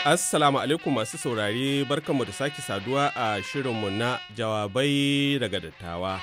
Assalamu alaikum masu saurare barkanmu da sake saduwa a shirinmu na jawabai daga dattawa.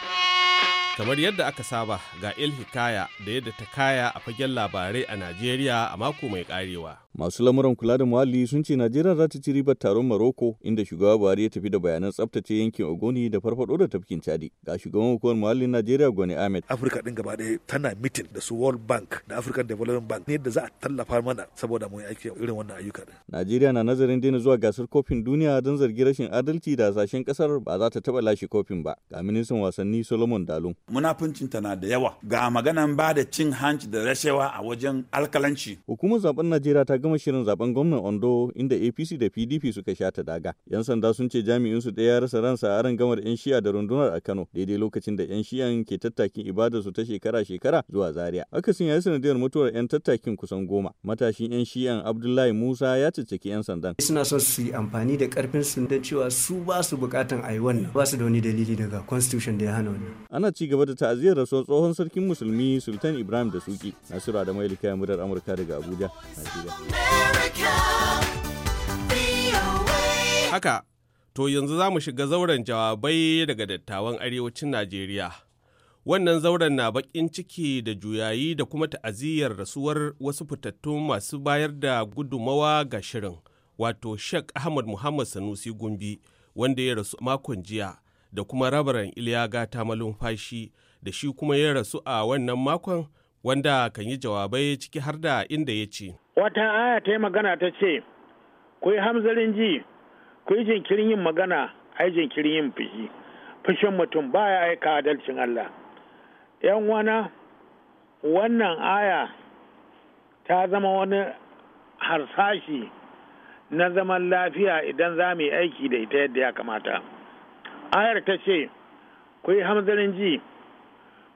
Kamar yadda aka saba ga ilhikaya Hikaya da yadda ta kaya a fagen labarai a Najeriya a mako mai karewa. Masu lamuran kula da muhalli sun ce Najeriya za ta ci ribar taron Maroko inda shugaba Buhari ya tafi da bayanan tsaftace yankin Ogoni da farfado da tafkin Chadi. Ga shugaban hukumar muhalli Najeriya Gwani Ahmed. Afirka din gaba ɗaya tana mitin da su World Bank da African Development Bank ne da za a tallafa mana saboda mu yi aiki irin wannan ayyuka din. Najeriya na nazarin daina zuwa gasar kofin duniya don zargi rashin adalci da hasashen kasar ba za ta taba lashe kofin ba. Ga ministan wasanni Solomon Dalun. Munafuncin tana da yawa ga maganan ba da cin hanci da rashewa a wajen alkalanci. Hukumar zaben Najeriya ta gama shirin zaben gwamnan Ondo inda APC da PDP suka sha ta daga. 'Yan sanda sun ce jami'in su ɗaya rasa ransa a gamar 'yan shiya da rundunar a Kano daidai lokacin da 'yan shiyan ke tattakin ibadar su ta shekara-shekara zuwa Zaria. aka sun yi sanadiyar mutuwar 'yan tattakin kusan goma. Matashin 'yan shiyan Abdullahi Musa ya cicciki 'yan sandan. Suna son su yi amfani da karfin su don cewa su ba su bukatan a yi wannan ba su da wani dalili daga constitution da ya hana wannan. Ana ci gaba da ta'aziyar rasuwar tsohon sarkin musulmi Sultan Ibrahim da Suki. Nasiru Adamu Elika Murar Amurka daga Abuja, Najeriya. Haka, to yanzu za mu shiga zauren jawabai daga dattawan arewacin Najeriya. Wannan zauren na baƙin ciki da juyayi da kuma ta'aziyyar rasuwar wasu fitattun masu bayar da gudumawa ga shirin, wato Sheikh Ahmad Muhammad Sanusi Gumbi, wanda ya rasu makon jiya, da kuma rabaran Iliya Gata Malumfashi, da shi kuma ya rasu a wannan makon wanda kan yi jawabai ciki har da inda ya ce. Wata aya ta yi magana ta ce, ku yi hamzarin ji, ku yi jinkirin yin magana, ai jinkirin yin fushi, fushin mutum baya aika adalcin Allah. ‘Yan wana, wannan aya ta zama wani harsashi na zaman lafiya idan za mu yi aiki da ita yadda ya kamata. Ayar ta ce, ku yi hamzarin ji,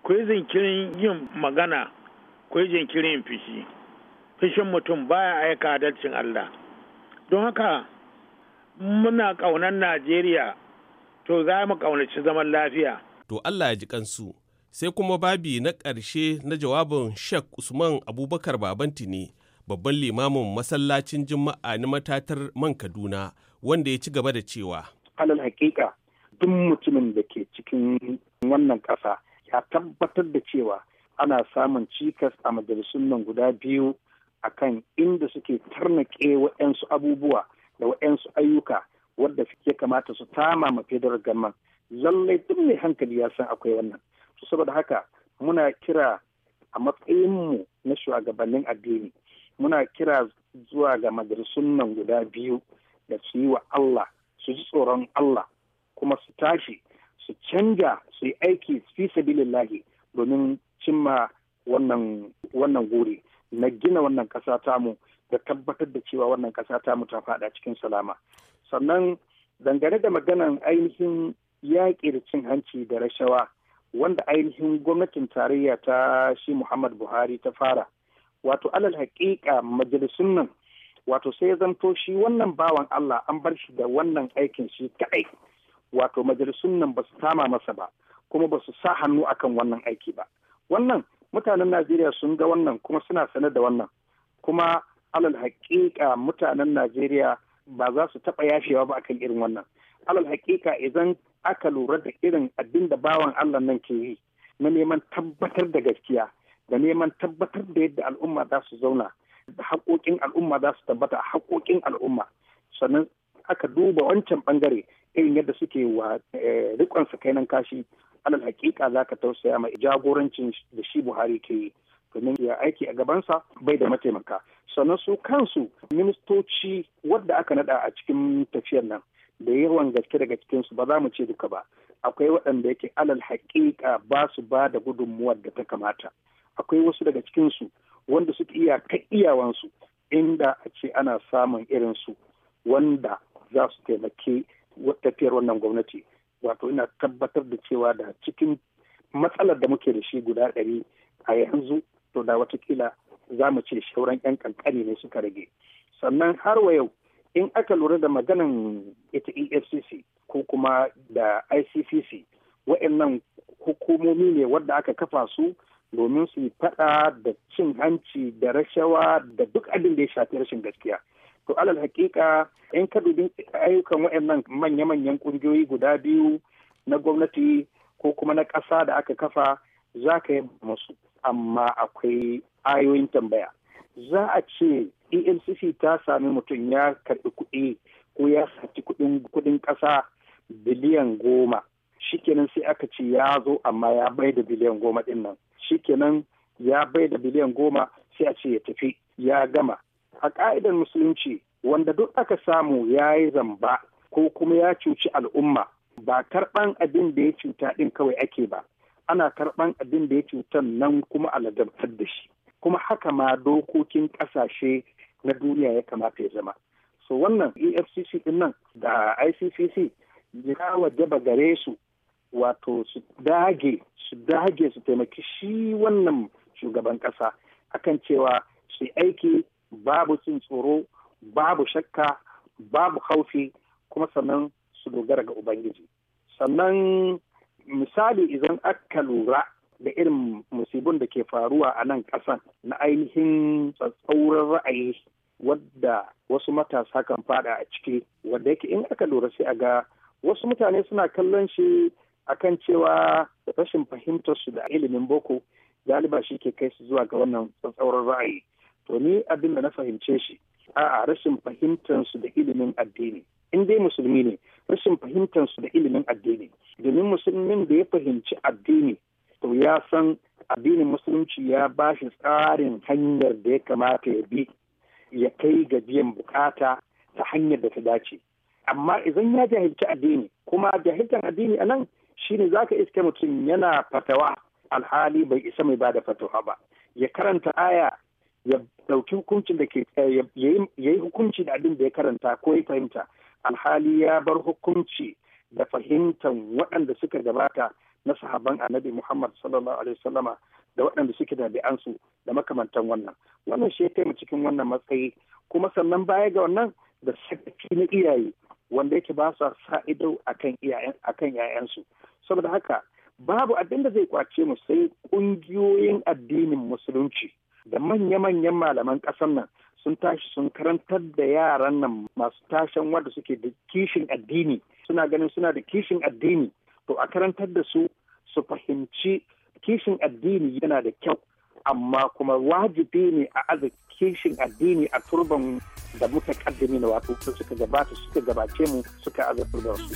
ku yi zinkirin yin magana akwai jinkirin fishi fishin mutum baya aika adalcin Allah don haka muna ƙaunar Najeriya to za mu ƙaunaci zaman lafiya. To Allah ya ji kansu sai kuma babi na ƙarshe na jawabin Sheikh Usman Abubakar Babanti ne babban limamin masallacin Juma'a na matatar man Kaduna wanda ya ci gaba da cewa. Alal hakika duk mutumin da ke cikin wannan ƙasa ya tabbatar da cewa ana samun cikas a majalisun nan guda biyu a kan inda suke tarnake waɗansu abubuwa da waɗansu ayyuka wadda ya kamata su tama ma federal government lallai duk mai hankali ya san akwai wannan to saboda haka muna kira a matsayinmu na shugabannin addini muna kira zuwa ga majalisun nan guda biyu da su yi wa Allah su ji tsoron Allah kuma su tashi su canja su yi aiki fi sabilillahi domin cimma wannan wannan guri na gina wannan ƙasa tamu da tabbatar da cewa wannan ƙasa tamu ta fada cikin salama sannan dangane da maganan ainihin yaƙi da cin hanci da rashawa wanda ainihin gwamnatin tarayya ta shi muhammad buhari ta fara wato alal haƙiƙa majalisun nan wato sai ya zanto shi wannan bawan allah an bar shi da wannan aikin shi kaɗai wato majalisun nan ba su kama masa ba kuma ba su sa hannu akan wannan aiki ba wannan mutanen najeriya sun ga wannan kuma suna sane da wannan kuma alal haƙiƙa mutanen najeriya ba za su taɓa yashewa ba akan irin wannan alal haƙiƙa idan aka lura da irin abin da bawan allah nan ke yi na neman tabbatar da gaskiya da neman tabbatar da yadda al'umma za su zauna da haƙoƙin al'umma za su tabbata a haƙoƙin al'umma sannan aka duba wancan ɓangare irin yadda suke wa eh, rikon nan kashi alal hakika za ka tausaya mai jagorancin da shi buhari ke yi domin ya aiki a gabansa bai da mataimaka sannan su kansu ministoci wadda aka nada a cikin tafiyar nan da yawan gaske daga cikinsu ba za mu ce duka ba akwai waɗanda yake alal hakika ba su ba da gudunmuwar da ta kamata akwai wasu daga cikinsu wanda suke iya ka iyawansu inda a ce ana samun irin su wanda za su taimaki tafiyar wannan gwamnati wato ina tabbatar da cewa da cikin matsalar da muke da shi guda ɗari a yanzu to da watakila za mu ce shauran 'yan kankani ne suka rage sannan har wa yau in aka lura da maganan ita efcc ko kuma da iccc wa'annan hukumomi ne wadda aka kafa su domin su yi fada da cin hanci da rashawa da duk abin da ya shafi rashin gaskiya to alal hakika in ka dubi ayyukan waɗannan manya-manyan ƙungiyoyi guda biyu na gwamnati ko kuma na ƙasa da aka kafa za ka yi musu amma akwai ayoyin tambaya za a ce emcc ta sami mutum ya karɓi kuɗi ko ya saci kuɗin ƙasa biliyan goma shikenan sai aka ce ya zo amma ya bai da biliyan goma ɗin nan shikenan ya bai da biliyan goma sai a ce ya tafi ya gama a ka'idar musulunci wanda duk aka samu ya yi zamba ko kuma ya cuci al'umma ba karɓan abin da ya cuta ɗin kawai ake ba ana karɓan abin da ya cutar nan kuma aladabtar da shi kuma haka ma dokokin ƙasashe na duniya ya kamata ya zama so wannan efcc din nan da iccc ya wajaba gare su wato su dage su dage su taimaki shi wannan shugaban ƙasa akan cewa su aiki babu cin tsoro babu shakka babu haufi kuma sannan su dogara ga ubangiji sannan misali idan aka lura da irin musibin da ke faruwa a nan ƙasan na ainihin tsatsauran ra'ayi wadda wasu matasa kan fada a ciki wadda yake in aka lura sai a ga wasu mutane suna kallon shi akan cewa rashin fahimtar su da ilimin boko galiba shi ke kai su zuwa ga wannan tsatsauran ra'ayi to ni abin da na fahimce shi a'a rashin fahimtar su da ilimin addini in dai musulmi ne rashin fahimtar da ilimin addini domin musulmin da ya fahimci addini to ya san addinin musulunci ya ba shi tsarin hanyar da ya kamata ya bi ya kai ga biyan bukata ta hanyar da ta dace amma idan ya jahilci addini kuma jahilcin addini anan. nan shine zaka iske mutum yana fatawa alhali bai isa mai bada fatawa ba ya karanta aya ya dauki hukuncin da ke eh, ya yi hukunci da abin da ya karanta ko ya fahimta alhali ya bar hukunci da fahimtar waɗanda suka gabata na sahaban annabi Muhammad sallallahu alaihi wasallama da waɗanda suke da bi'ansu da makamantan wannan wannan shi ya mu cikin wannan matsayi kuma sannan baya ga wannan da sakaci na iyaye wanda yake ba su sa ido akan iyayen yayansu saboda haka babu abin da zai kwace mu sai ƙungiyoyin addinin musulunci da manya-manyan malaman ƙasar nan sun tashi sun karantar da yaran nan masu tashan wanda suke da kishin addini suna ganin suna da kishin addini to a karantar da su su fahimci kishin addini yana da kyau amma kuma wajibi ne a aza kishin addini a turban da muka kaddami na wato suka gabata suka gabace mu suka aza turban su.